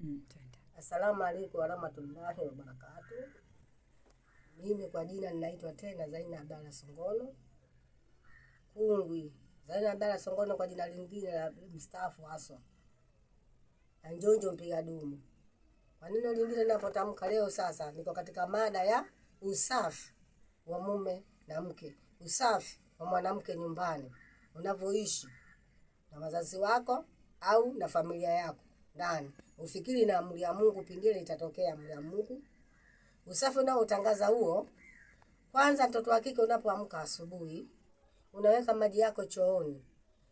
Mm, Assalamu alaikum warahmatullahi wabarakatu. Mimi kwa jina ninaitwa tena Zaina Abdalla Songono Kungwi, Zaina Abdalla Songono kwa jina lingine la mstaafu haswa na Njonjo mpiga dumu. Kwa neno lingine ninapotamka leo, sasa niko katika mada ya usafi wa mume na mke, usafi wa mwanamke nyumbani unavyoishi na wazazi wako au na familia yako ndani Usikili na amri ya Mungu, pingine itatokea amri ya Mungu. Usafi nao utangaza huo, kwanza, mtoto wa kike unapoamka asubuhi, unaweka maji yako chooni.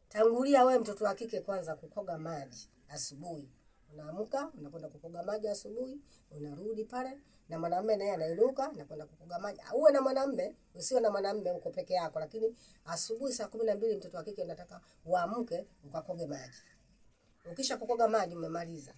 Tangulia we mtoto wa kike kwanza kukoga maji asubuhi. Unaamka unakwenda kukoga maji asubuhi, unarudi pale na mwanamume naye anainuka na kwenda kukoga maji. Uwe na mwanamume, usiwe na mwanamume, uko peke yako, lakini asubuhi saa kumi na mbili mtoto wa kike unataka uamke ukakoge maji. Ukisha kukoga maji umemaliza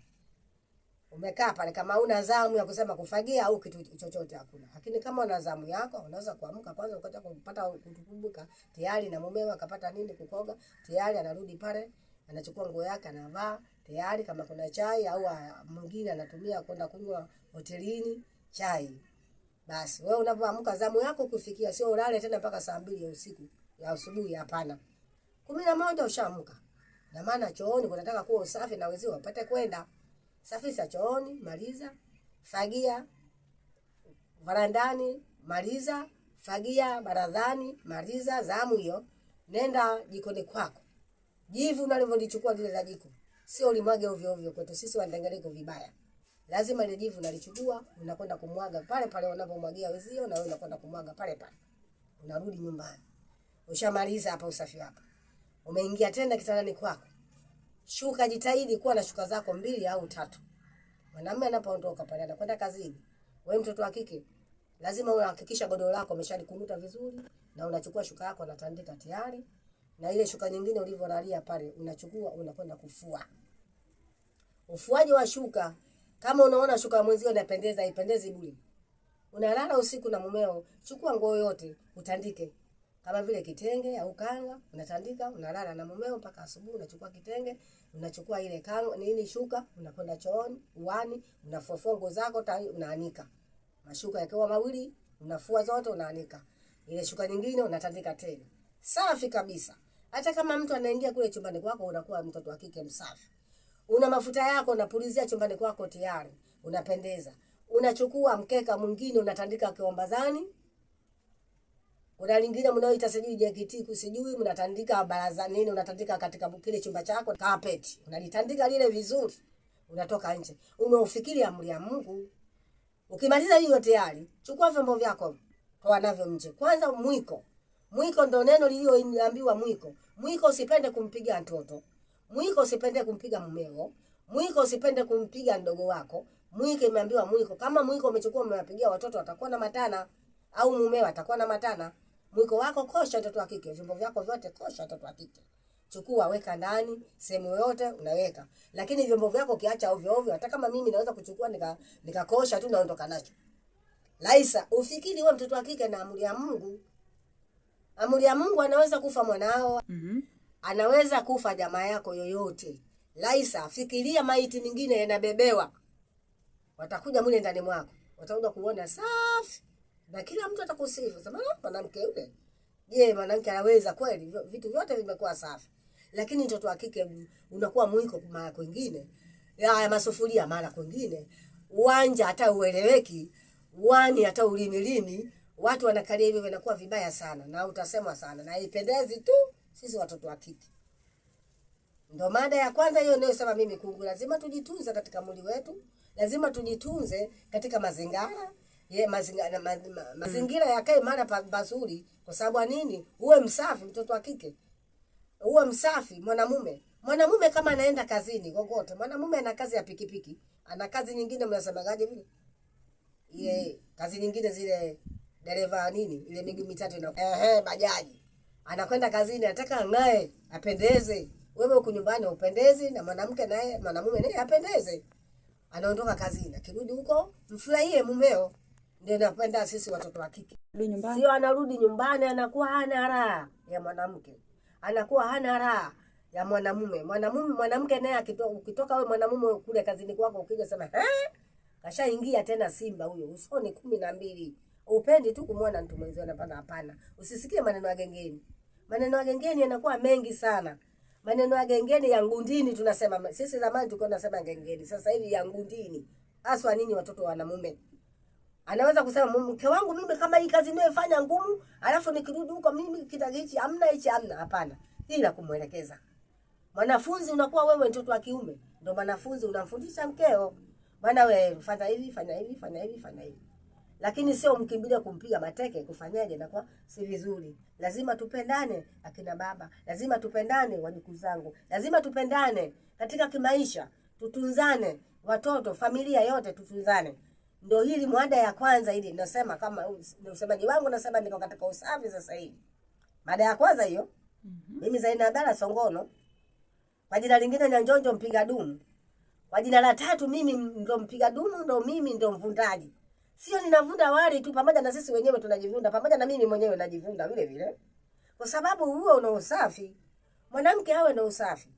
umekaa pale, kama una zamu ya kusema kufagia au kitu chochote hakuna. Lakini kama una zamu yako, unaweza kuamka kwanza, ukata kupata kutukumbuka tayari, na mumewa akapata nini kukoga tayari, anarudi pale, anachukua nguo yake anavaa tayari, kama kuna chai au mwingine anatumia kwenda kunywa hotelini chai. Basi wewe unapoamka zamu yako kufikia, sio ulale tena mpaka saa mbili ya usiku ya asubuhi, hapana. Kumi na moja ushaamka, na maana chooni kunataka kuwa usafi na wezi wapate kwenda safisha chooni, maliza. Fagia varandani, maliza. Fagia barazani, maliza. Zamu hiyo, nenda jikoni kwako, jivu nalivyolichukua lile la jiko sio limwage ovyo ovyo. Kwetu sisi wandangaliko vibaya, lazima ile jivu nalichukua, unakwenda kumwaga pale pale unapomwagia wezio, na wewe unakwenda kumwaga pale pale, unarudi nyumbani. Ushamaliza hapa usafi hapa, umeingia tena kitandani kwako shuka, jitahidi kuwa na shuka zako mbili au tatu. Mwanamume anapoondoka pale anakwenda kazini, wewe mtoto wa kike lazima uhakikisha godoro lako umeshalikunuta vizuri, na unachukua shuka yako unatandika tayari, na ile shuka nyingine ulivyolalia pale unachukua unakwenda kufua. Ufuaji wa shuka, kama unaona shuka mwenzio inapendeza, ipendezi bure, unalala usiku na mumeo, chukua nguo yote utandike, kama vile kitenge au kanga, unatandika unalala na mumeo mpaka asubuhi. Unachukua kitenge, unachukua ile kanga nini, shuka, unakwenda chooni, uani, unafufua nguo zako tayari, unaanika mashuka yakiwa mawili, unafua zote, unaanika ile shuka nyingine, unatandika tena, safi kabisa. Hata kama mtu anaingia kule chumbani kwako, unakuwa mtoto wa kike msafi. Una mafuta yako, unapulizia chumbani kwako, tayari unapendeza. Unachukua mkeka mwingine, unatandika kiombazani kuna lingine mnaoita sijui JKT sijui mnatandika baraza nini, unatandika katika kile chumba chako carpet. Unalitandika lile vizuri. Unatoka nje. Unaufikiri amri ya Mungu. Ukimaliza hiyo tayari, chukua vyombo vyako. Toa navyo nje. Kwanza mwiko. Mwiko ndo neno lililoambiwa mwiko. Mwiko usipende kumpiga mtoto. Mwiko usipende kumpiga mumeo. Mwiko usipende kumpiga mdogo wako. Mwiko imeambiwa mwiko. Kama mwiko umechukua umewapigia watoto watakuwa na matana au mumeo atakuwa na matana mwiko wako kosha mtoto wa kike, vyombo vyako vyote kosha mtoto wa kike chukua weka ndani sehemu yoyote unaweka lakini vyombo vyako kiacha ovyo ovyo hata kama mimi naweza kuchukua nika nikakosha tu naondoka nacho laisa ufikiri wewe mtoto wa kike na amri ya Mungu amri ya Mungu anaweza kufa mwanao mm-hmm. anaweza kufa jamaa yako yoyote laisa fikiria maiti mingine yanabebewa watakuja mule ndani mwako watakuja kuona safi na kila mtu atakusifu sema ah, mwanamke yule. Je, mwanamke anaweza kweli? Vitu vyote vimekuwa safi, lakini mtoto wa kike unakuwa mwiko mara kwingine, haya masufuria mara kwingine, uwanja hata ueleweki, wani hata ulimilimi, watu wanakalia hivyo, vinakuwa vibaya sana na utasemwa sana na ipendezi tu sisi watoto wa kike. Ndo mada ya kwanza hiyo ndio sema mimi kungu, lazima tujitunze katika mwili wetu, lazima tujitunze katika mazingira ye mazingira ma, ma, mazingira mm. yakae mara pazuri, kwa sababu nini? Uwe msafi, mtoto wa kike uwe msafi. Mwanamume mwanamume kama anaenda kazini kokote, mwanamume ana kazi ya pikipiki, ana kazi nyingine, mnasemagaje vile ye mm. kazi nyingine zile dereva nini ile miguu mitatu ina ehe, bajaji anakwenda kazini, anataka ngae apendeze. Wewe huko nyumbani upendezi, na mwanamke naye mwanamume naye apendeze. Anaondoka kazini, akirudi huko mfurahie mumeo ndio napenda sisi watoto wa kike, sio anarudi nyumbani anakuwa hana raha ya mwanamke, anakuwa hana raha ya mwanamume. Mwanamume mwanamke naye akitoka, ukitoka wewe mwanamume kule kazini kwako, ukija sema kashaingia tena simba huyo, usoni kumi na mbili. Upendi tu kumwona mtu mwenzio anapanda. Hapana, usisikie maneno ya gengeni. Maneno ya gengeni yanakuwa mengi sana maneno ya gengeni ya ngundini, tunasema sisi. Zamani tulikuwa tunasema gengeni, sasa hivi ya ngundini, haswa ninyi watoto wa wanamume. Anaweza kusema mke wangu mimi kama hii kazi ninayofanya ngumu, alafu nikirudi huko mimi kitaki hichi amna hichi amna, hapana. hii la kumwelekeza. Mwanafunzi unakuwa wewe mtoto wa kiume, ndio mwanafunzi unamfundisha mkeo. Bwana wewe fanya hivi, fanya hivi, fanya hivi, fanya hivi. Lakini sio mkimbilia kumpiga mateke, kufanyaje na kwa si vizuri. Lazima tupendane akina baba, lazima tupendane wajukuu zangu. Lazima tupendane katika kimaisha, tutunzane watoto, familia yote tutunzane. Ndio hili mwada ya kwanza hili nasema, kama usemaji wangu nasema niko katika usafi sasa hivi. Mada ya kwanza hiyo mhm. mimi Zaina Abdalla Songono, kwa jina lingine Nyanjonjo mpiga dumu, kwa jina la tatu mimi ndo mpiga dumu, ndo mimi ndo mvundaji. Sio ninavunda wali tu, pamoja na sisi wenyewe tunajivunda, pamoja na mimi mwenyewe najivunda vile vile, kwa sababu huo una usafi. Mwanamke awe na usafi,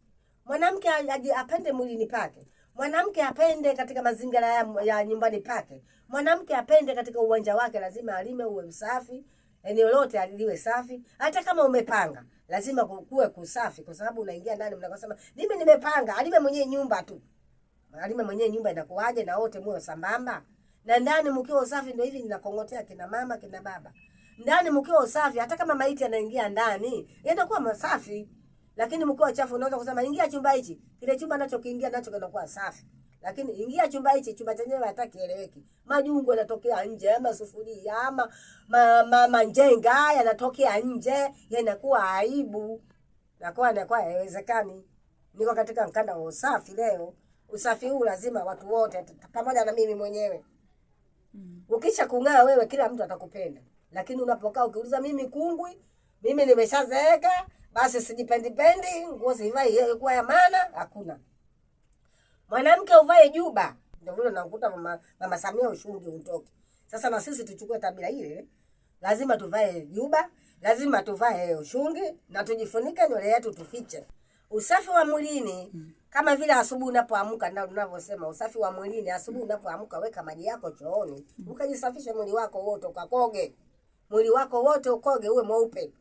mwanamke apende mwilini pake. Mwanamke apende katika mazingira ya, ya nyumbani pake. Mwanamke apende katika uwanja wake, lazima alime, uwe msafi, eneo lote liwe safi. Hata kama umepanga, lazima kuwe kusafi, kwa sababu unaingia ndani mnakosema mimi nimepanga. Alime mwenyewe nyumba tu, alime mwenyewe nyumba, inakuwaje? Na wote muwe sambamba, na ndani mkiwa usafi. Ndio hivi ninakongotea kina mama, kina baba, ndani mkiwa usafi, hata kama maiti anaingia ndani, yanakuwa masafi. Lakini mkiwa wachafu unaweza kusema ingia chumba hichi, kile chumba nacho kiingia nacho kinakuwa safi. Lakini ingia chumba hichi, chumba chenyewe hataki eleweki. Majungu yanatokea nje, ama sufuria ama ma, ma, manjenga yanatokea nje, yanakuwa aibu. Nakuwa nakuwa haiwezekani. Niko katika mkanda wa usafi leo. Usafi huu lazima watu wote pamoja na mimi mwenyewe. Mm. Ukisha kung'aa wewe, kila mtu atakupenda. Lakini unapokaa ukiuliza, mimi kungwi, mimi nimeshazeeka basi sijipendipendi, nguo sivai ilikuwa ya maana hakuna. Mwanamke uvae juba, ndio vile unakuta mama, mama Samia ushungi utoke. Sasa na sisi tuchukue tabia ile, lazima tuvae juba, lazima tuvae ushungi na tujifunike nywele yetu tufiche. Usafi wa mwilini hmm. Kama vile asubuhi unapoamka ndio unavyosema usafi wa mwilini. Asubuhi unapoamka weka maji yako chooni, hmm. ukajisafishe mwili wako wote, ukakoge mwili wako wote, ukoge uwe mweupe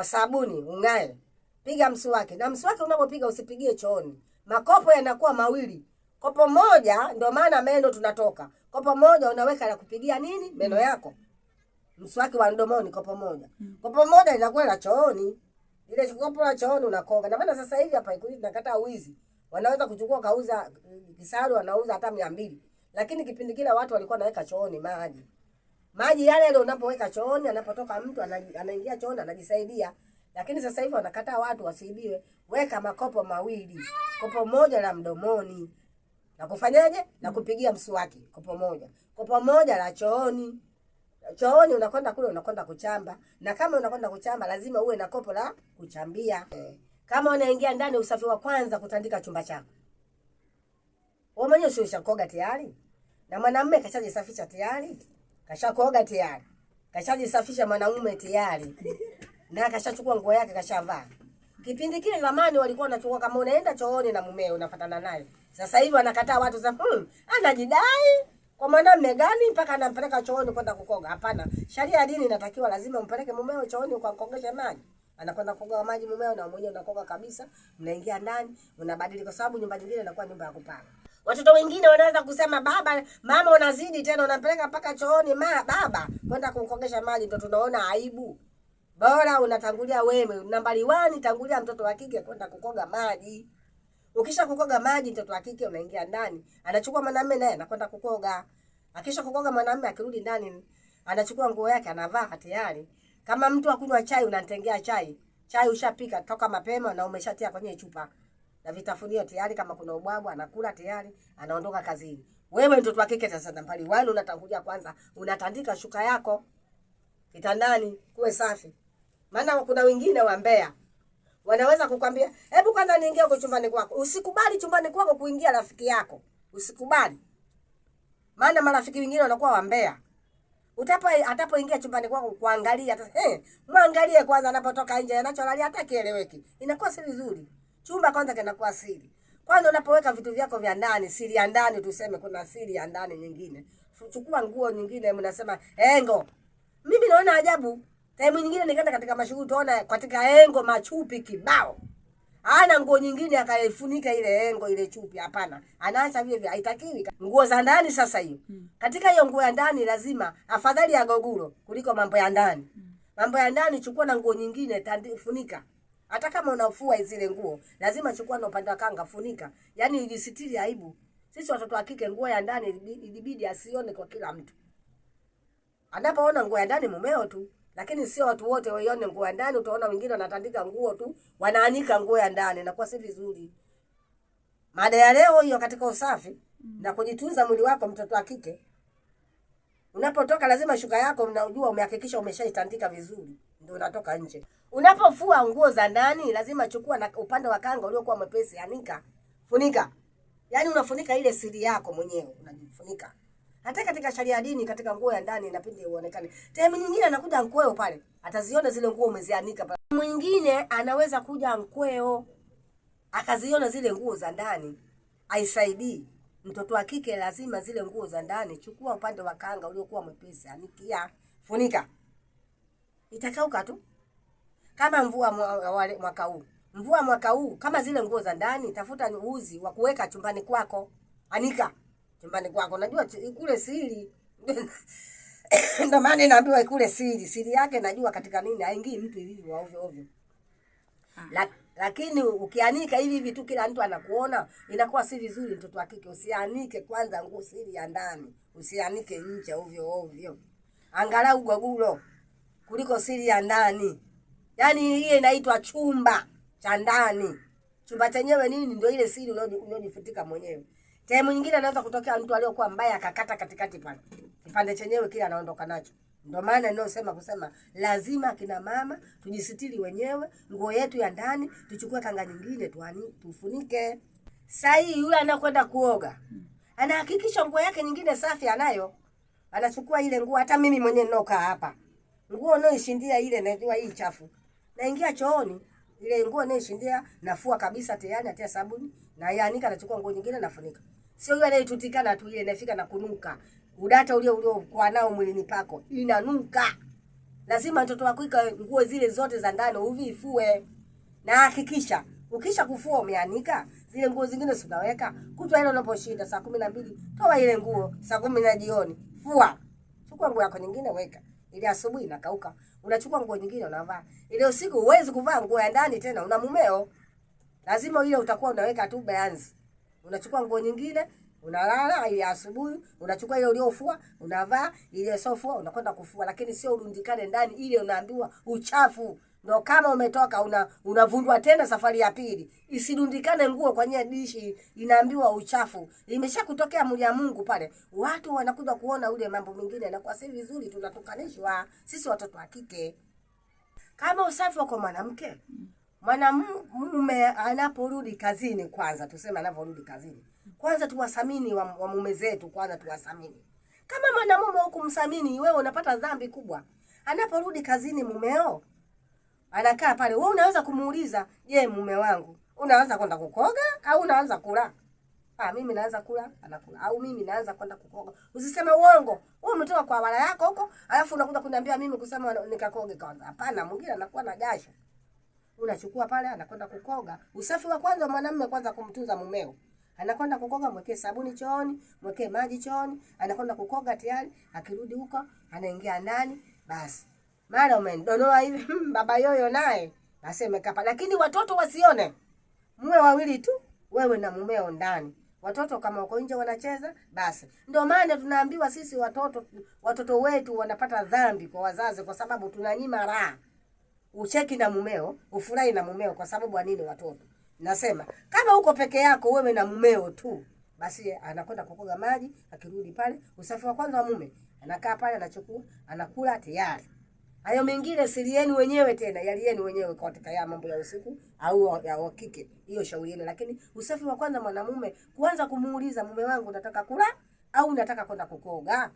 kwa sabuni ung'ae, piga mswaki. Na mswaki unapopiga usipigie chooni, makopo yanakuwa mawili. Kopo moja ndio maana meno tunatoka, kopo moja unaweka la kupigia nini meno mm. yako, mswaki wa mdomoni, kopo moja. Mm. Kopo moja inakuwa la chooni, ile kopo la chooni unakonga. Na maana sasa hivi hapa ikuji nakata wizi, wanaweza kuchukua kauza kisaru, wanauza hata mia mbili, lakini kipindi kile watu walikuwa naweka chooni maji. Maji yale yale unapoweka chooni, anapotoka mtu anaingia chooni anajisaidia. Lakini sasa hivi wanakataa watu wasiibiwe. Weka makopo mawili, kopo moja la mdomoni na kufanyaje? Na kupigia mswaki, kopo moja, kopo moja la chooni. Chooni unakwenda kule, unakwenda kuchamba, na kama unakwenda kuchamba lazima uwe na kopo la kuchambia. Kama unaingia ndani, usafi wa kwanza kutandika chumba chako. Wewe mwenyewe ushakoga tayari, na mwanamume kashajisafisha tayari kashakoga tayari, kashajisafisha mwanaume tayari na kashachukua nguo yake kashavaa. Kipindi kile zamani walikuwa wanachukua kama unaenda chooni na mumeo unafatana naye. Sasa hivi wanakataa watu za hmm, anajidai kwa mwanamume gani mpaka anampeleka chooni kwenda kukoga? Hapana, sheria ya dini inatakiwa lazima umpeleke mumeo chooni kwa ukamkogesha maji. Anakwenda kukoga maji mumeo, na mwenyewe unakoga kabisa, mnaingia ndani, unabadili, kwa sababu nyumba nyingine inakuwa nyumba ya kupanga. Watoto wengine wanaweza kusema baba, mama unazidi tena, unampeleka mpaka chooni ma baba kwenda kumkongesha maji, ndio tunaona aibu. Bora unatangulia wewe, nambari wani, tangulia mtoto wa kike kwenda kukoga maji. Ukisha kukoga maji, mtoto wa kike unaingia ndani, anachukua mwanamume naye anakwenda kukoga. Akisha kukoga mwanamume, akirudi ndani anachukua nguo yake anavaa tayari. Kama mtu akunywa chai, unamtengea chai. Chai ushapika toka mapema na umeshatia kwenye chupa na vitafunio tayari, kama kuna ubwabu anakula tayari, anaondoka kazini. Wewe mtoto wa kike sasa nampali wale, unatangulia kwanza, unatandika shuka yako kitandani, kuwe safi, maana kuna wengine wa mbea wanaweza kukwambia hebu kwanza niingie huko chumbani kwako. Usikubali chumbani kwako kuingia rafiki yako, usikubali, maana marafiki wengine wanakuwa wambea. Utapo atapoingia chumbani kwako kuangalia, eh, mwangalie kwanza anapotoka nje, anacholalia hata kieleweki, inakuwa si vizuri. Chumba kwanza kinakuwa siri. Kwanza unapoweka vitu vyako vya ndani, siri ya ndani tuseme, kuna siri ya ndani nyingine. Chukua nguo nyingine, mnasema engo. Mimi naona ajabu. Time nyingine nikaenda katika mashughuli, tuona katika engo machupi kibao. Ana nguo nyingine akaifunika ile engo ile chupi, hapana. Anaacha vile vile, haitakiwi. Nguo za ndani sasa hiyo. Hmm. Katika hiyo nguo ya ndani lazima afadhali ya goguro kuliko mambo ya ndani. Hmm. Mambo ya ndani chukua na nguo nyingine, funika. Hata kama unafua zile nguo, lazima chukua na upande wa kanga funika. Yaani ijisitiri aibu. Sisi watoto wa kike nguo ya ndani ilibidi asione kwa kila mtu. Anapoona nguo ya ndani mumeo tu, lakini sio watu wote waione nguo ya ndani. Utaona wengine wanatandika nguo tu, wanaanika nguo ya ndani na kwa si vizuri. Mada ya leo hiyo katika usafi mm. na kujitunza mwili wako, mtoto wa kike. Unapotoka lazima shuka yako mnaujua umehakikisha umeshaitandika vizuri ndio unatoka nje. Unapofua nguo za ndani, lazima chukua na upande wa kanga uliokuwa mwepesi, anika, funika. Yaani unafunika ile siri yako mwenyewe, unajifunika. Hata katika sharia dini, katika nguo ya ndani inapindi uonekane. Time nyingine anakuja mkweo pale, ataziona zile nguo umezianika pale. Mwingine anaweza kuja mkweo akaziona zile nguo za ndani, aisaidii mtoto wa kike lazima zile nguo za ndani chukua upande wa kanga uliokuwa mwepesi, anikia, funika itakauka tu kama mvua mwaka huu. Mvua mwaka huu kama zile nguo za ndani, tafuta uzi wa kuweka chumbani kwako, anika chumbani kwako. Najua kule siri ndio maana inaambiwa kule siri, siri yake najua katika nini, haingii mtu hivyo ovyo ovyo. Ah. La, lakini ukianika hivi hivi tu kila mtu anakuona, inakuwa si vizuri. Mtoto wa kike usianike kwanza nguo siri ya ndani, usianike nje ovyo ovyo, angalau gogulo kuliko siri ya ndani. Yaani ile inaitwa chumba cha ndani. Chumba chenyewe nini? Ndio ile siri unayojifutika mwenyewe. Sehemu nyingine anaweza kutokea mtu aliyokuwa mbaya akakata katikati pale. Kipande chenyewe kile anaondoka nacho. Ndio maana ninayosema kusema lazima kina mama tujisitiri wenyewe, nguo yetu ya ndani tuchukue kanga nyingine tuani tufunike. Sasa hii yule anakwenda kuoga. Anahakikisha nguo yake nyingine safi anayo. Anachukua ile nguo hata mimi mwenyewe ninaokaa hapa nguo naishindia ile, najua hii chafu, naingia chooni, ile nguo naishindia nafua kabisa, tayari natia sabuni na yaanika, nachukua nguo nyingine nafunika. Sio yule anayetutikana tu, ile inafika na kunuka. Udata ule kwa nao mwilini pako inanuka. Lazima mtoto wako ika nguo zile zote za ndani uvifue, na hakikisha ukisha kufua umeanika zile nguo zingine, si kutwa ile unaposhinda saa kumi na mbili toa ile nguo saa kumi na jioni, fua, chukua nguo yako nyingine weka. Ile asubuhi inakauka. Unachukua nguo nyingine unavaa. Ile usiku huwezi kuvaa nguo ya ndani tena, una mumeo. Lazima ile utakuwa unaweka tu beanzi. Unachukua nguo nyingine, unalala ile asubuhi, unachukua ile uliofua, unavaa ile sofua, unakwenda kufua, lakini sio urundikane ndani ile unaambiwa uchafu. Ndo kama umetoka una unavundwa tena safari ya pili. isirundikane nguo kwenye dishi, inaambiwa uchafu. Imeshakutokea muli ya Mungu pale. Watu wanakuja kuona ule mambo mengine na kwa sisi vizuri tunatukanishwa sisi watoto wa kike. Kama usafi wako mwanamke, mwanamume anaporudi kazini kwanza, tuseme anaporudi kazini. Kwanza tuwasamini wa, wa mume zetu kwanza tuwasamini. Kama mwanamume hukumsamini wewe unapata dhambi kubwa. Anaporudi kazini mumeo anakaa pale, wewe unaweza kumuuliza je, mume wangu unaanza kwenda kukoga au unaanza kula? Ah, mimi naanza kula, anakula. Au mimi naanza kwenda kukoga. Usiseme uongo. Wewe umetoka kwa wala yako huko, alafu unakuja kuniambia mimi kusema nikakoge kwanza. Hapana, mwingine anakuwa na gasha. Unachukua pale anakwenda kukoga. Usafi wa kwanza mwanamume kwanza kumtunza mumeo. Anakwenda kukoga, mwekee sabuni chooni, mwekee maji chooni, anakwenda kukoga tayari, akirudi huko anaingia ndani, basi maana umenidonoa hivi hmm, baba yoyo naye aseme kapa, lakini watoto wasione, mwe wawili tu, wewe na mumeo ndani. Watoto kama wako nje wanacheza, basi ndio maana tunaambiwa sisi watoto, watoto wetu wanapata dhambi kwa wazazi, kwa sababu tunanyima raha. Ucheki na mumeo, ufurahi na mumeo, kwa sababu wa nini? Watoto nasema kama uko peke yako wewe na mumeo tu, basi anakwenda kukoga maji, akirudi pale, usafi wa kwanza wa mume, anakaa pale, anachukua, anakula tayari. Hayo mengine siri yenu wenyewe tena, yali yenu wenyewe kwa katika ya mambo ya usiku au ya wakike. Hiyo shauri yenu, lakini usafi wa kwanza mwanamume kuanza kumuuliza mume wangu nataka kula au nataka kwenda kukoga.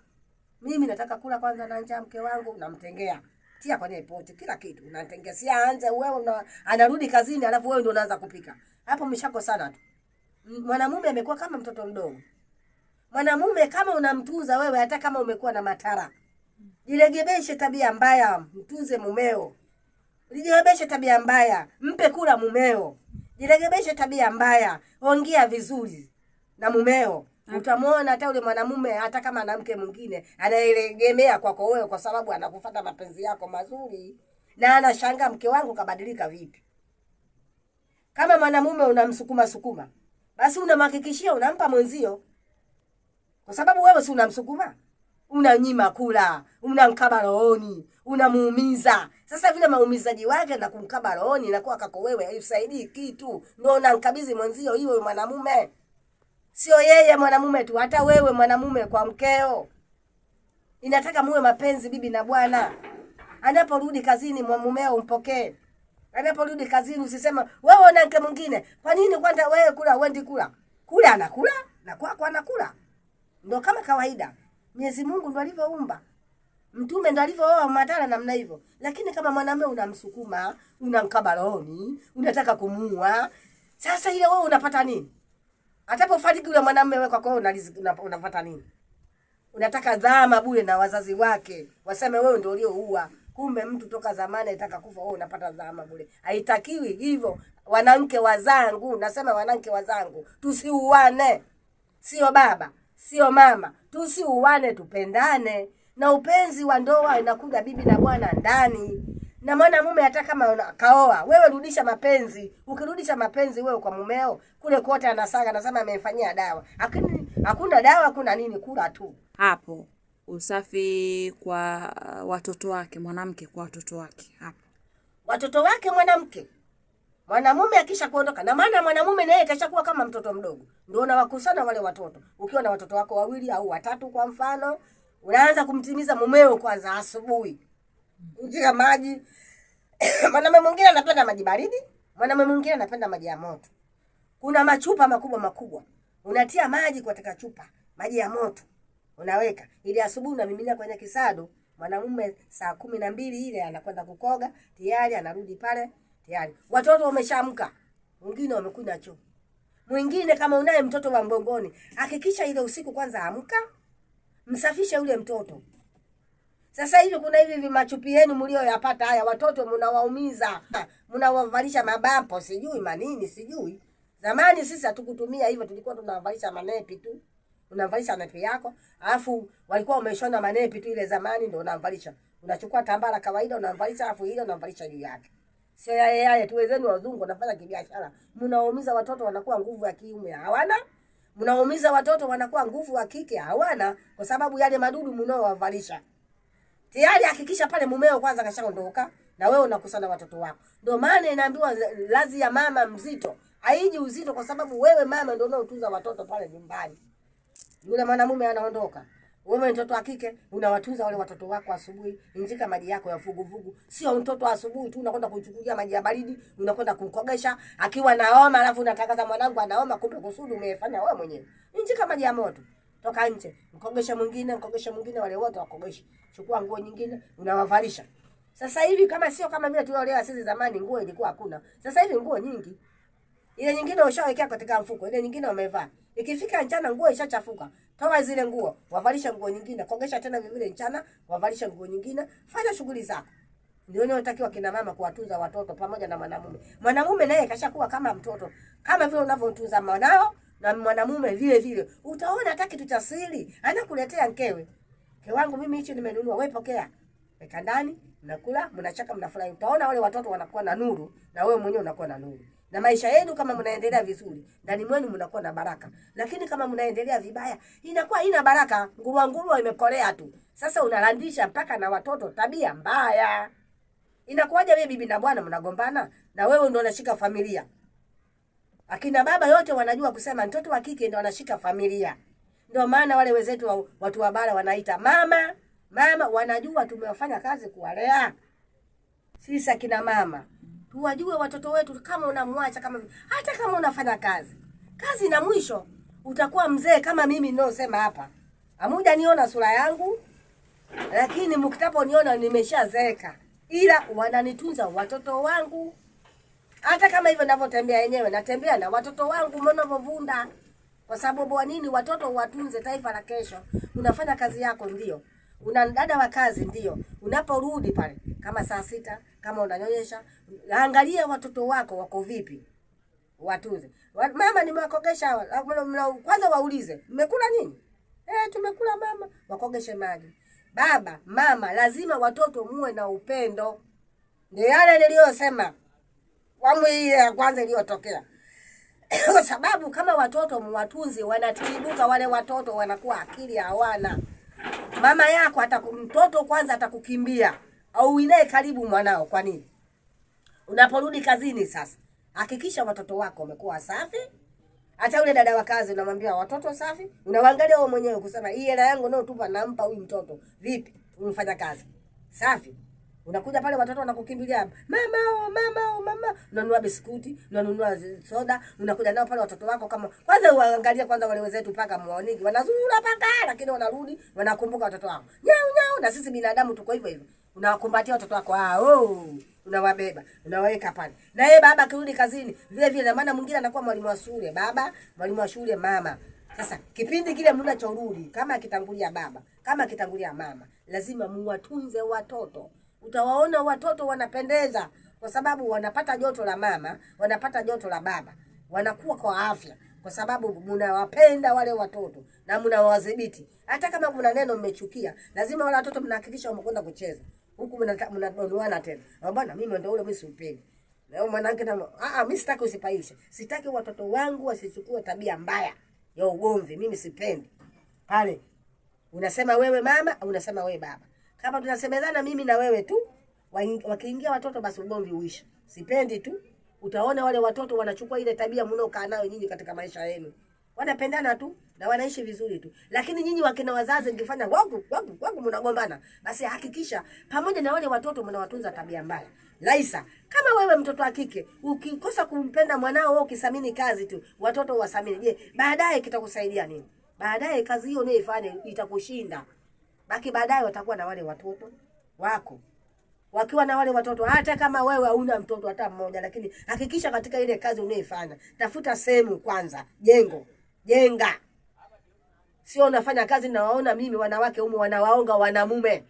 Mimi nataka kula kwanza na njaa mke wangu namtengea. Tia kwenye poti kila kitu. Unatengea si aanze wewe una, anarudi kazini alafu wewe ndio unaanza kupika. Hapo mshako sana tu. Mwanamume amekuwa kama mtoto mdogo. Mwanamume kama unamtunza wewe hata kama umekuwa na matara jiregebeshe tabia mbaya, mtunze mumeo. Jiregebeshe tabia mbaya, mpe kula mumeo. Jiregebeshe tabia mbaya, ongea vizuri na mumeo. Ah. Utamwona hata yule mwanamume hata kama ana mke mwingine anaelegemea kwako wewe, kwa sababu anakufata mapenzi yako mazuri, na anashangaa mke wangu kabadilika vipi. Kama mwanamume unamsukuma sukuma, basi unamhakikishia unampa mwenzio, kwa sababu wewe si unamsukuma unanyima kula, unamkaba rohoni, unamuumiza. Sasa vile maumizaji wake na kumkaba rohoni kuwa kako wewe haisaidii kitu, ndio unamkabidhi mwenzio hiyo mwanamume. Sio yeye mwanamume tu, hata wewe mwanamume kwa mkeo. Inataka muwe mapenzi bibi na bwana. Anaporudi kazini mwa mumeo umpokee. Anaporudi kazini usisema wewe una mke mwingine. Kwa nini kwanza wewe kula, wendi kula? Kula anakula na kwako anakula. Ndio kama kawaida. Mwenyezi Mungu ndo alivyoumba. Mtume ndo alivyooa matala namna hivyo. Lakini kama mwanamume unamsukuma, unamkaba rohoni, unataka kumuua, sasa ile wewe unapata nini? Atapofariki yule mwanamume wewe kwako unapata nini? Unataka dhama bure na wazazi wake, waseme wewe ndio uliouua. Kumbe mtu toka zamani anataka kufa, wewe unapata dhama bure. Haitakiwi hivyo. Wanawake wazangu, nasema wanawake wazangu, tusiuane. Sio baba sio mama, tusiuane, tupendane. Na upenzi wa ndoa inakuja bibi na bwana ndani na maana mume hata kama kaoa wewe, rudisha mapenzi. Ukirudisha mapenzi wewe kwa mumeo kule kote, anasaga anasema amemfanyia dawa, lakini hakuna dawa, kuna nini, kula tu hapo. Usafi kwa watoto wake mwanamke, kwa watoto wake hapo, watoto wake mwanamke Mwanamume akisha kuondoka na maana mwanamume naye kashakuwa kama mtoto mdogo. Ndio unawakusana wale watoto. Ukiwa na watoto wako wawili au watatu kwa mfano, unaanza kumtimiza mumeo kwanza asubuhi. Kutia maji. Mwanamume mwingine anapenda maji baridi, mwanamume mwingine anapenda maji ya moto. Kuna machupa makubwa makubwa. Unatia maji katika chupa, maji ya moto. Unaweka ili asubuhi unamiminia kwenye kisado. Mwanamume saa kumi na mbili ile anakwenda kukoga, tayari anarudi pale tayari watoto wameshamka, mwingine wamekunywa choo. Mwingine kama unaye mtoto wa mgongoni, hakikisha ile usiku kwanza amka, msafishe ule mtoto. Sasa hivi kuna hivi vimachupi yenu mlioyapata haya, watoto mnawaumiza, mnawavalisha mabampo sijui manini sijui. Zamani sisi hatukutumia hivyo, tulikuwa tunavalisha manepi tu, unavalisha nepi yako, alafu walikuwa wameshona manepi tu ile zamani, ndio unavalisha, unachukua tambara kawaida, unavalisha, alafu ile unavalisha juu yake. Seyaye yaye tuwezeni, wazungu wanafanya kibiashara, mnawaumiza watoto wanakuwa nguvu ya kiume hawana, mnawaumiza watoto wanakuwa nguvu ya kike hawana, kwa sababu yale madudu mnaowavalisha tayari. Hakikisha pale mumeo kwanza kashaondoka, na wewe unakusana watoto wako. Ndio maana inaambiwa lazi ya mama mzito haiji uzito, kwa sababu wewe mama ndio unaotunza watoto pale nyumbani. Yule mwanamume anaondoka wewe mtoto wa kike unawatunza wale watoto wako asubuhi, injika maji yako ya vuguvugu. Sio mtoto asubuhi tu unakwenda kumchukulia maji ya baridi, unakwenda kumkogesha akiwa na homa, alafu unatangaza mwanangu ana homa, kumbe kusudi umefanya wewe mwenyewe. Injika maji ya moto. Toka nje, mkogesha mwingine, mkogesha mwingine, wale wote wakogeshe. Chukua nguo nyingine, unawavalisha. Sasa hivi kama sio kama vile tuliolewa sisi zamani, nguo ilikuwa hakuna. Sasa hivi nguo nyingi. Ile nyingine ushawekea katika mfuko, ile nyingine umevaa. Ikifika mchana nguo ishachafuka. Toa zile nguo, wavalisha nguo nyingine, kogesha tena vile mchana, wavalisha nguo nyingine, fanya shughuli zako. Ndio unatakiwa kina mama kuwatunza watoto pamoja na mwanamume. Mwanamume naye kashakuwa kama mtoto. Kama vile unavyotunza mwanao na mwanamume vile vile. Utaona hata kitu cha siri anakuletea mkewe. Mke wangu mimi hichi nimenunua, wewe pokea. Weka ndani, mnakula, mnachaka, mnafurahi. Utaona wale watoto wanakuwa na nuru na wewe mwenyewe unakuwa na nuru na maisha yenu kama mnaendelea vizuri, ndani mwenu mnakuwa na baraka, lakini kama mnaendelea vibaya, inakuwa ina baraka, nguruwa nguruwa imekorea tu. Sasa unalandisha mpaka na watoto tabia mbaya. Inakuwaje wewe bibi na bwana mnagombana, na wewe ndio unashika familia? Akina baba yote wanajua kusema mtoto wa kike ndio anashika familia. Ndio maana wale wenzetu watu wa bara wanaita mama mama, wanajua tumewafanya kazi kuwalea sisi akina mama tuwajue watoto wetu, kama unamwacha, kama hata kama unafanya kazi, kazi na mwisho utakuwa mzee kama mimi ninaosema hapa. Amuja niona sura yangu, lakini mkitapo niona nimeshazeeka, ila wananitunza watoto wangu. Hata kama hivyo ninavyotembea yenyewe, natembea na watoto wangu mnavovunda Kwa sababu wa nini? Watoto watunze taifa la kesho. Unafanya kazi yako ndio una mdada wa kazi ndio. Unaporudi pale kama saa sita, kama unanyonyesha, angalia watoto wako wako vipi, watunze. Mama, nimewakogesha kwanza, waulize mmekula nini? Eh, tumekula mama, wakogeshe maji. Baba, mama, lazima watoto muwe na upendo. Ndio yale niliyosema awamu hii ya kwanza iliyotokea kwa sababu kama watoto mwatunzi wanatibuka wale watoto, wanakuwa akili hawana mama yako ataku, mtoto kwanza atakukimbia au inaye karibu mwanao. Kwa nini? Unaporudi kazini sasa, hakikisha watoto wako wamekuwa safi. Hata yule dada wa kazi unamwambia watoto safi, unawaangalia wewe mwenyewe kusema hii hela yangu nayotupa nampa huyu mtoto vipi? Umfanya kazi safi. Unakuja pale watoto wanakukimbilia hapa. Mama oh, mama oh, mama. Unanunua biskuti, unanunua soda, unakuja nao pale watoto wako kama kwanza uangalie kwanza wale wenzetu paka muoniki. Wanazurura paka lakini wanarudi, wanakumbuka watoto wao. Nyau nyau na sisi binadamu tuko hivyo hivyo. Unawakumbatia watoto wako. Ah oh. Unawabeba, unawaweka pale. Na yeye baba kirudi kazini, vile vile na maana mwingine anakuwa mwalimu wa shule, baba, mwalimu wa shule mama. Sasa kipindi kile mnachorudi, kama akitangulia baba, kama akitangulia mama, lazima muwatunze watoto. Utawaona watoto wanapendeza, kwa sababu wanapata joto la mama, wanapata joto la baba, wanakuwa kwa afya, kwa sababu mnawapenda wale watoto na mnawadhibiti. Hata kama kuna neno mmechukia, lazima wale watoto mnahakikisha wamekwenda kucheza huku, mnadondoana tena, oh, bwana, mimi ndio ule, mimi siupendi leo mwanangu, na ah, ah, mimi sitaki usipaishe, sitaki watoto wangu wasichukue tabia mbaya ya ugomvi, mimi sipendi pale. Unasema wewe mama, unasema wewe baba kama tunasemezana mimi na wewe tu, wakiingia watoto basi ugomvi uisha. Sipendi tu, utaona wale watoto wanachukua ile tabia mnaokaa nayo nyinyi katika maisha yenu, wanapendana tu na wanaishi vizuri tu. Lakini nyinyi wakina wazazi mkifanya wangu wangu wangu, mnagombana, basi hakikisha pamoja na wale watoto mnawatunza tabia mbaya. Laisa, kama wewe mtoto wa kike ukikosa kumpenda mwanao, wewe ukisamini kazi tu, watoto wasamini, je, baadaye kitakusaidia nini? Baadaye kazi hiyo unayoifanya itakushinda aki baadaye watakuwa na wale watoto wako wakiwa na wale watoto. Hata kama wewe hauna mtoto hata mmoja, lakini hakikisha katika ile kazi unayoifanya, tafuta sehemu kwanza, jengo jenga, sio unafanya kazi. Nawaona mimi wanawake humu wanawaonga wanamume,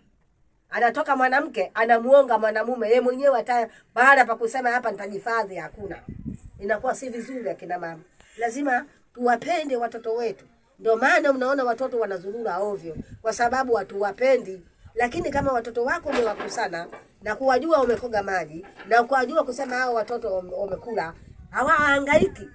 anatoka mwanamke anamuonga mwanamume, yeye mwenyewe hata baada pa kusema hapa nitajifadhi, hakuna. Inakuwa si vizuri. Akina mama lazima tuwapende watoto wetu. Ndio maana mnaona watoto wanazurura ovyo, kwa sababu watu wapendi. Lakini kama watoto wako umewakusana na kuwajua umekoga maji na kuwajua kusema hao watoto wamekula, hawahangaiki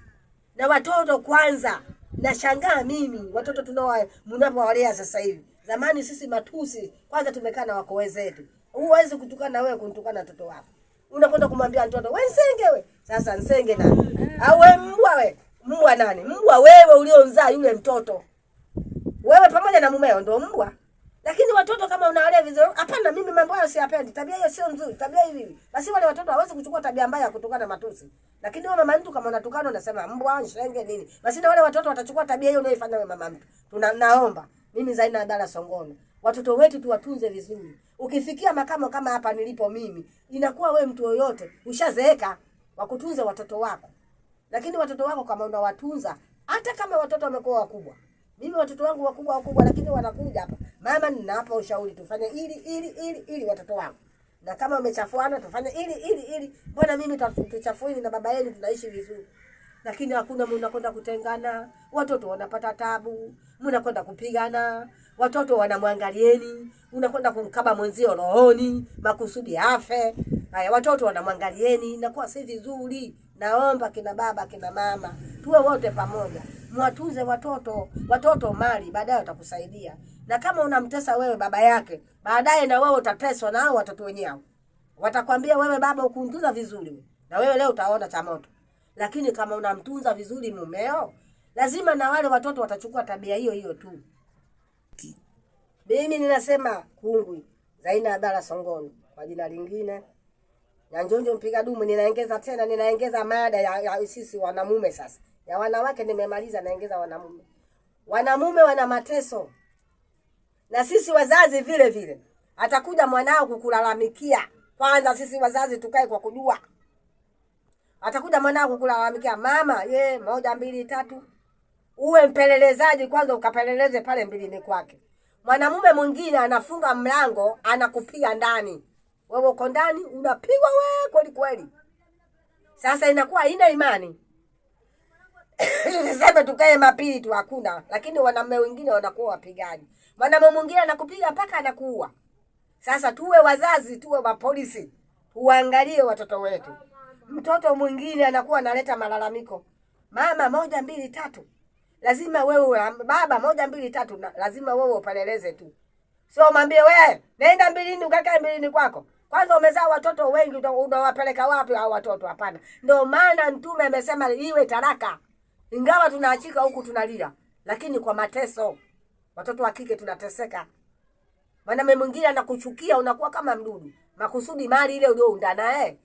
na watoto kwanza. Nashangaa mimi watoto tunao mnapowalea sasa hivi. Zamani sisi matusi kwanza tumekaa na wako wenzetu. Huwezi kutukana wewe kumtukana mtoto wako. Unakwenda kumwambia mtoto, "Wewe nsenge wewe." Sasa nsenge na. Au wewe mbwa wewe. Mbwa nani? Mbwa wewe uliomzaa yule mtoto, wewe pamoja na mumeo ndio mbwa. Lakini watoto kama unawalea vizuri, hapana. Mimi mambo hayo siyapendi, tabia hiyo sio nzuri, tabia hivi basi. Wale watoto hawezi kuchukua tabia mbaya kutokana na matusi, lakini wewe mama mtu kama unatukana unasema mbwa shenge nini, basi na wale watoto watachukua tabia hiyo unayoifanya wewe mama mtu. Tunaomba naomba mimi Zaina Abdalla Songono, watoto wetu tuwatunze vizuri. Ukifikia makamo kama hapa nilipo mimi, inakuwa wewe mtu yoyote ushazeeka, wakutunze watoto wako. Lakini watoto wako kama unawatunza, hata kama watoto wamekuwa wakubwa. Mimi watoto wangu wakubwa wakubwa, lakini wanakuja hapa. Mama, ninawapa ushauri tufanye ili ili ili ili watoto wangu. Na kama wamechafuana tufanye ili ili ili. Mbona mimi tuchafuini na baba yenu tunaishi vizuri? Lakini hakuna, mnakwenda kutengana, watoto wanapata tabu, mnakwenda kupigana, watoto wanamwangalieni, unakwenda kumkaba mwenzio rohoni makusudi afe. Haya, watoto wanamwangalieni, inakuwa si vizuri. Naomba kina baba, kina mama, tuwe wote pamoja, mwatunze watoto. Watoto mali, baadaye watakusaidia, na kama unamtesa wewe baba yake, baadaye na wewe utateswa na hao watoto wenyewe. Watakwambia wewe baba ukumtunza vizuri, na wewe leo utaona cha moto. Lakini kama unamtunza vizuri mumeo, lazima na wale watoto watachukua tabia hiyo hiyo tu. Mimi ninasema kungwi Zaina Abdalla Songoni kwa jina lingine na njonjo mpiga dumu, ninaongeza tena, ninaongeza mada ya, ya sisi wanamume sasa, ya wanawake nimemaliza, naongeza wanamume. Wanamume wana mateso na sisi wazazi vile vile. Atakuja mwanao kukulalamikia, kwanza sisi wazazi tukae kwa kujua. Atakuja mwanao kukulalamikia, mama ye moja mbili tatu, uwe mpelelezaji kwanza, ukapeleleze pale mbilini kwake. Mwanamume mwingine anafunga mlango, anakupia ndani wewe uko ndani unapigwa we kweli kweli. Sasa inakuwa haina imani tuseme tukae mapili tu, hakuna. Lakini wanaume wengine wanakuwa wapigani, mwanamume mwingine anakupiga mpaka anakuua. Sasa tuwe wazazi, tuwe mapolisi, uangalie watoto wetu. Mtoto mwingine anakuwa analeta malalamiko, mama moja mbili tatu, lazima wewe baba moja mbili tatu, lazima wewe upeleleze tu, so mwambie wewe, nenda mbilini ukakae mbilini kwako. Kwanza umezaa watoto wengi, unawapeleka wapi hao watoto? Hapana, ndio maana Mtume amesema iwe taraka. Ingawa tunaachika huku tunalia, lakini kwa mateso. Watoto wa kike tunateseka, mwanaume mwingine anakuchukia, unakuwa kama mdudu makusudi. Mali ile uliounda naye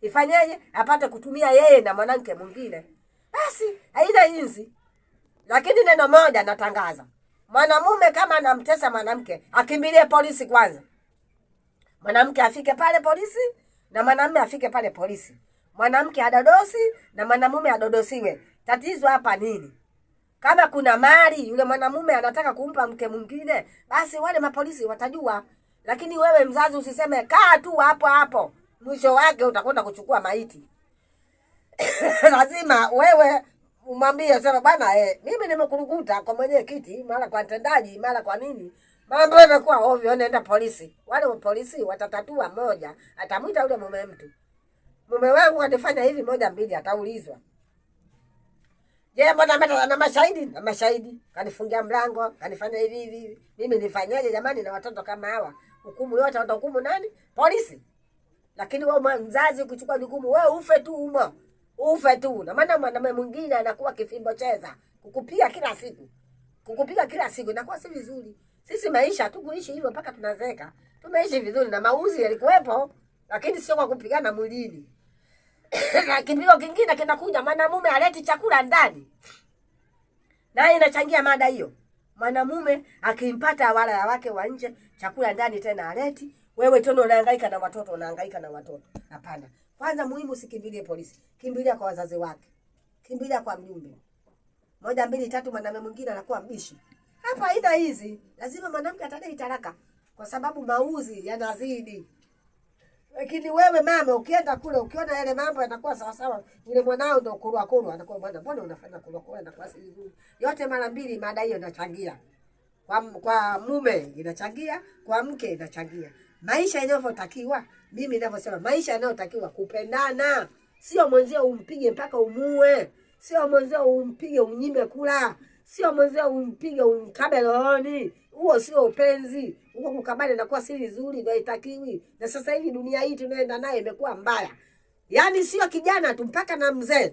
ifanyeje? Apate kutumia yeye na mwanamke mwingine, basi haina inzi. Lakini neno moja natangaza, mwanamume kama anamtesa mwanamke akimbilie polisi kwanza mwanamke afike pale polisi na mwanamume afike pale polisi, mwanamke adodosi na mwanamume adodosiwe. Tatizo hapa nini? Kama kuna mali yule mwanamume anataka kumpa mke mwingine, basi wale mapolisi watajua, lakini wewe mzazi usiseme kaa tu hapo hapo, mwisho wake utakwenda kuchukua maiti. Lazima wewe umwambie, sema bwana, eh, mimi nimekurukuta kwa mwenyekiti, mara kwa mtendaji, mara kwa nini Mambo yamekuwa ovyo, nenda polisi. Wale polisi watatatua moja, atamwita yule mume mtu. Mume wangu atafanya hivi moja mbili ataulizwa. Je, mbona mimi na mashahidi? Na mashahidi. Kanifungia mlango, kanifanya hivi hivi. Mimi nifanyaje jamani na watoto kama hawa? Hukumu yote watahukumu nani? Polisi. Lakini wewe mzazi ukichukua jukumu wewe ufe tu umo. Ufe tu. Na maana mwanamume mwingine anakuwa kifimbo cheza, kukupiga kila siku. Kukupiga kila siku inakuwa si vizuri. Sisi maisha hatukuishi hivyo mpaka tunazeka. Tumeishi vizuri na mauzi yalikuwepo, lakini sio kwa kupigana mwilini. Na kipigo kingine kinakuja, mwanamume aleti chakula ndani, naye inachangia mada hiyo. Mwanamume akimpata wala ya wake wa nje, chakula ndani tena aleti. Wewe tena unahangaika na watoto, unahangaika na watoto. Hapana, kwanza muhimu usikimbilie polisi, kimbilia kwa wazazi wake, kimbilia kwa mjumbe. Moja mbili tatu, mwanamume mwingine anakuwa mbishi. Hapa aidha hizi lazima mwanamke atadai talaka kwa sababu mauzi yanazidi. Lakini wewe mama ukienda kule ukiona yale mambo yanakuwa sawa sawa, yule mwanao ndio kulwa kulwa anakuwa bwana, mbona unafanya kulwa kulwa anakuwa si vizuri. Yote mara mbili mada hiyo inachangia. Kwa, kwa mume inachangia, kwa mke inachangia. Maisha yanavyotakiwa, mimi ninavyosema maisha yanayotakiwa kupendana. Sio mwenzio umpige mpaka umue. Sio mwenzio umpige unyime kula sio mwenzio umpige umkabe rohoni. Huo sio upenzi, huko kukabana inakuwa si vizuri, ndio itakiwi. Na sasa hivi dunia hii tunaenda naye imekuwa mbaya, yaani sio kijana tu, mpaka na mzee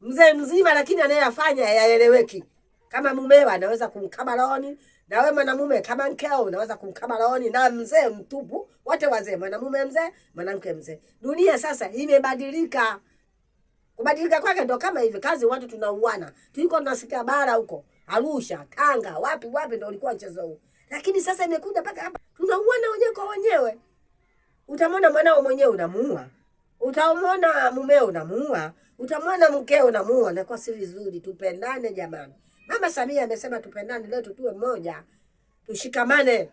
mzee mzima, lakini anayeyafanya hayaeleweki. Kama mumewa anaweza kumkaba rohoni, na wewe mwanamume kama mkeo unaweza kumkaba rohoni, na mzee mtupu, wote wazee, mwanamume mzee, mwanamke mzee. Dunia sasa imebadilika. Kubadilika kwake ndo kama hivi, kazi watu tunauana. tuliko tunasikia bara huko, Arusha, Tanga, wapi wapi ndo ulikuwa mchezo huu. Lakini sasa imekuja mpaka hapa tunauana wenyewe kwa wenyewe. Utamwona mwanao mwenyewe unamuua. Utamwona mumeo unamuua. Utamwona mkeo unamuua. Na kwa si vizuri, tupendane jamani. Mama Samia amesema tupendane, leo tutue mmoja. Tushikamane.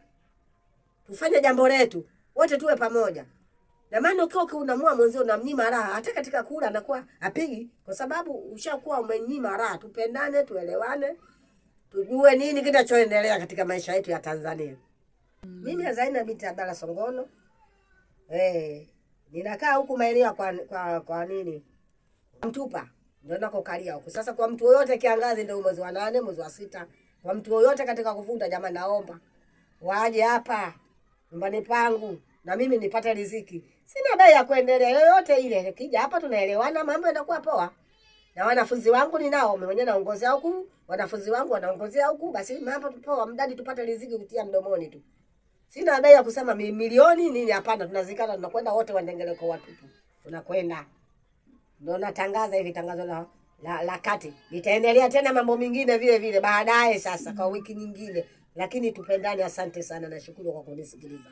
Tufanye jambo letu. Wote tuwe pamoja. Na maana ukiwa okay, unamua mwenzio unamnyima raha, hata katika kula anakuwa apigi, kwa sababu ushakuwa umenyima raha. Tupendane, tuelewane, tujue nini kinachoendelea katika maisha yetu ya Tanzania. Mm. Mimi Azaina binti Abdalla Songono eh, ninakaa huku maeneo kwa, kwa, kwa nini Mtupa ndio nakokalia huku sasa. Kwa mtu yoyote kiangazi ndio mwezi wa nane, mwezi wa sita, kwa mtu yoyote katika kuvuta, jamani, naomba waje hapa nyumbani pangu na mimi nipate riziki. Sina dai ya kuendelea yoyote ile. Kija hapa tunaelewana, mambo yanakuwa poa. Na wanafunzi wangu ninao, mwenyewe naongozea huku, wanafunzi wangu wanaongozea huku, basi mambo poa, mdadi tupate riziki kutia mdomoni tu. Sina dai ya kusema milioni nini, hapana. Tunazikana, tunakwenda wote, waendelee kwa watu tu, tunakwenda. Ndio natangaza hivi tangazo la la, la kati nitaendelea tena mambo mengine vile vile baadaye, sasa kwa wiki nyingine, lakini tupendane. Asante sana, nashukuru kwa kunisikiliza.